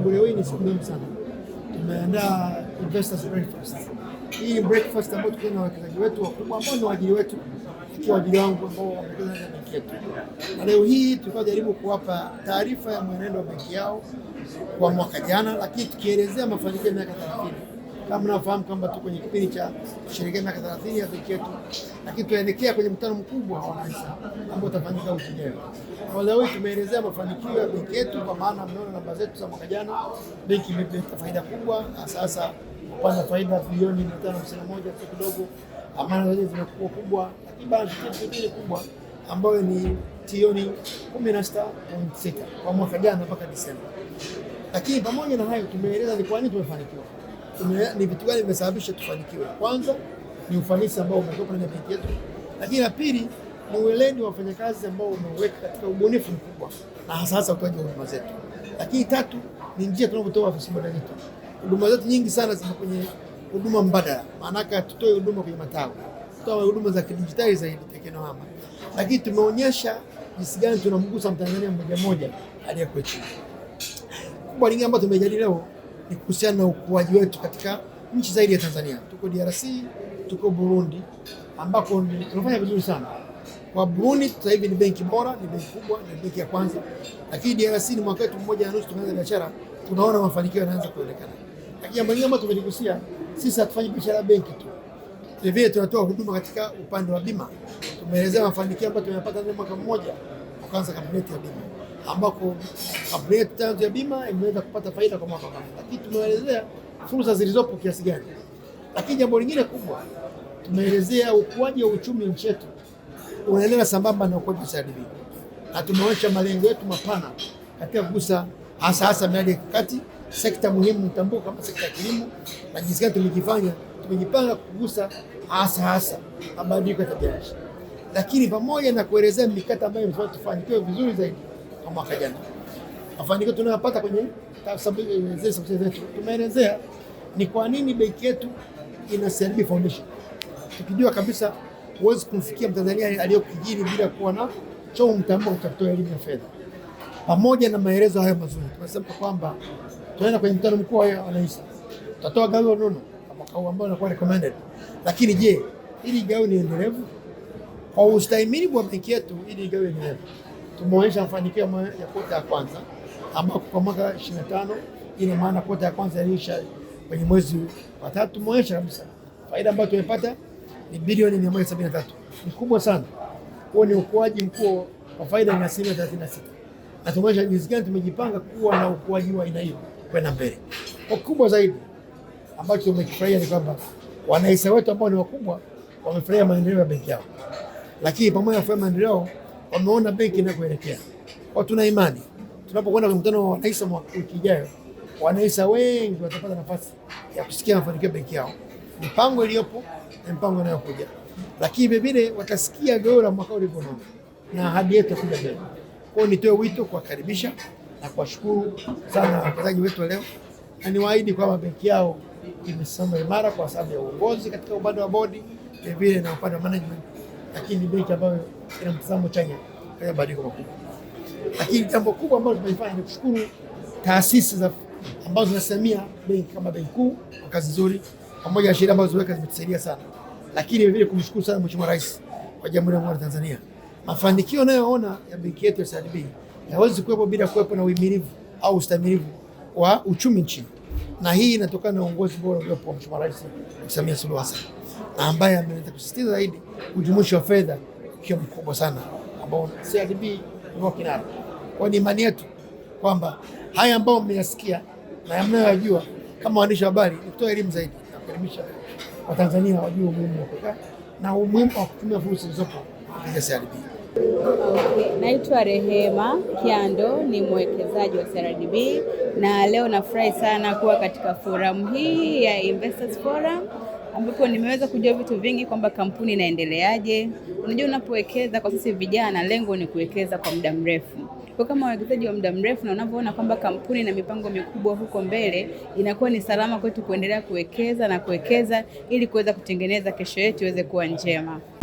sababu leo hii ni siku muhimu sana. Tumeandaa investors breakfast. Hii ni breakfast ambayo tuko na wawekezaji wetu wakubwa ambao ni waajiri wetu, kwa ajili wangu ambao wamekuja na benki yetu, na leo hii jaribu kuwapa taarifa ya mwenendo wa benki yao kwa mwaka jana, lakini tukielezea mafanikio ya miaka 30 kama mnavyofahamu kwamba tu kwenye kipindi cha kusherehekea miaka 30 ya benki yetu, lakini tunaelekea kwenye mkutano mkubwa wa wanahisa ambao utafanyika wiki ijayo. Kwa leo hii tumeelezea mafanikio ya benki yetu, kwa maana mnaona namba zetu za mwaka jana, benki imepata faida kubwa, na sasa kupanda faida bilioni 551 tu kidogo. Amana zote zimekuwa kubwa, lakini balance sheet ni kubwa ambayo ni trilioni 16.6 kwa mwaka jana mpaka Desemba. Lakini pamoja na hayo, tumeeleza ni kwa nini tumefanikiwa ni vitu gani vimesababisha tufanikiwe. Kwanza ni ufanisi ambao umetoka ndani ya benki yetu, lakini la pili ni ueledi wa wafanyakazi ambao umeweka katika ubunifu mkubwa na hasa hasa utoaji wa huduma zetu, lakini tatu ni njia tunavyotoa afisi boda zetu. Huduma zetu nyingi sana ziko kwenye huduma mbadala, maanake hatutoe huduma kwenye matawi, tutoa huduma za kidijitali zaidi, teknolojia mama, lakini tumeonyesha jinsi gani tunamgusa mtanzania mmoja mmoja aliyekuwa chini. Kubwa lingine ambayo tumejadili leo ni kuhusiana na ukuaji wetu katika nchi zaidi ya Tanzania. Tuko DRC, tuko Burundi ambako tunafanya vizuri sana. Kwa Burundi sasa hivi ni benki bora, ni benki kubwa, ni benki ya kwanza, lakini DRC ni mwaka wetu mmoja na nusu tumeanza biashara, tunaona mafanikio yanaanza kuonekana. Lakini jambo lingine ambalo tumeligusia, sisi hatufanyi biashara benki tu, vilevile tunatoa huduma katika upande wa bima. Tumeelezea mafanikio ambayo tumeyapata mwaka mmoja, tukaanza kabinet ya bima ambako kampuni yetu tanzu ya bima imeweza kupata faida kwa mwaka kama, lakini tumewaelezea fursa zilizopo kiasi gani. Lakini jambo lingine kubwa tumeelezea ukuaji wa uchumi nchi yetu unaendelea sambamba na ukuaji wa CRDB, na tumeonyesha malengo yetu mapana katika kugusa hasa hasa miradi ya kati, sekta muhimu mtambuka kama sekta ya kilimo, na jinsi gani tumejifanya tumejipanga kugusa hasa hasa mabadiliko ya tabia nchi, lakini pamoja na kuelezea mikata ambayo tufanikiwe vizuri zaidi kwa mwaka jana. Mafanikio tunayopata kwenye eh, zetu tumeelezea ni kwa nini benki yetu ina CRDB Foundation, tukijua kabisa huwezi kumfikia Mtanzania aliyokijini bila kuwa na choo mtambuka cha kutoa elimu ya fedha. Pamoja na maelezo hayo mazuri, tunasema kwamba tunaenda kwenye mkutano mkuu wa wananchi, tutatoa gawio nono ambao unakuwa recommended, lakini je, hili gawio ni endelevu? Kwa ustahimilivu wa benki yetu, hili gawio ni endelevu? tumeonyesha mafanikio ya kota ya kwanza ambapo kwa mwaka 25 ina maana kota ya kwanza iliisha kwenye mwezi wa tatu, tumeonyesha kabisa faida ambayo tumepata ni bilioni 173, ni kubwa sana. Huo ni ukuaji mkuu wa faida ni asilimia 36, na tumeonyesha jinsi gani tumejipanga kuwa na ukuaji wa aina hiyo kwenda mbele. Kwa kubwa zaidi ambacho tumekifurahia ni kwamba wanahisa wetu ambao ni wakubwa wamefurahia maendeleo ya benki yao, lakini pamoja na kufurahia maendeleo wameona benki inakoelekea, kwa tuna imani tunapokwenda kwenye mkutano wa wanahisa wiki ijayo, wanaisa wengi watapata nafasi ya kusikia mafanikio ya benki yao, mipango iliyopo na mpango inayokuja, lakini vile vile watasikia geuo la mwaka ulivyoona na ahadi yetu kuja mbele. Kwao nitoe wito kuwakaribisha na kuwashukuru sana wawekezaji wetu leo, na niwaahidi kwamba benki yao imesimama imara kwa sababu ya uongozi katika upande wa bodi, vilevile na upande wa management lakini ni benki ambayo ina mtazamo chanya katika mabadiliko makubwa. Lakini jambo kubwa ambalo tumeifanya ni kushukuru taasisi za ambazo zinasimamia benki kama Benki Kuu kwa kazi nzuri, pamoja na sheria ambazo zimeweka zimetusaidia sana, lakini vile kumshukuru sana Mheshimiwa Rais wa Jamhuri ya Muungano wa Tanzania. Mafanikio nayoona ya benki yetu ya CRDB hayawezi kuwepo bila kuwepo na uhimilivu au ustahimilivu wa uchumi nchini, na hii inatokana na uongozi bora uliopo wa Mheshimiwa Rais Samia Suluhu Hassan ambaye ameweza kusisitiza zaidi ujumuishi wa fedha ukiwa mkubwa sana, ambao CRDB ni kinara. Kwa ni imani yetu kwamba haya ambayo mmeyasikia na mnayoyajua kama waandishi wa habari ni kutoa elimu zaidi na kuelimisha Watanzania wajue umuhimu wa kukaa na umuhimu wa kutumia fursa zilizopo kupitia CRDB. Naitwa Rehema Kyando, ni mwekezaji wa CRDB na leo nafurahi sana kuwa katika forum hii ya Investors Forum ambapo nimeweza kujua vitu vingi kwamba kampuni inaendeleaje. Unajua, unapowekeza kwa sisi vijana, lengo ni kuwekeza kwa muda mrefu. Kwa kama wawekezaji wa muda mrefu na unavyoona kwamba kampuni na mipango mikubwa huko mbele, inakuwa ni salama kwetu kuendelea kuwekeza na kuwekeza ili kuweza kutengeneza kesho yetu iweze kuwa njema.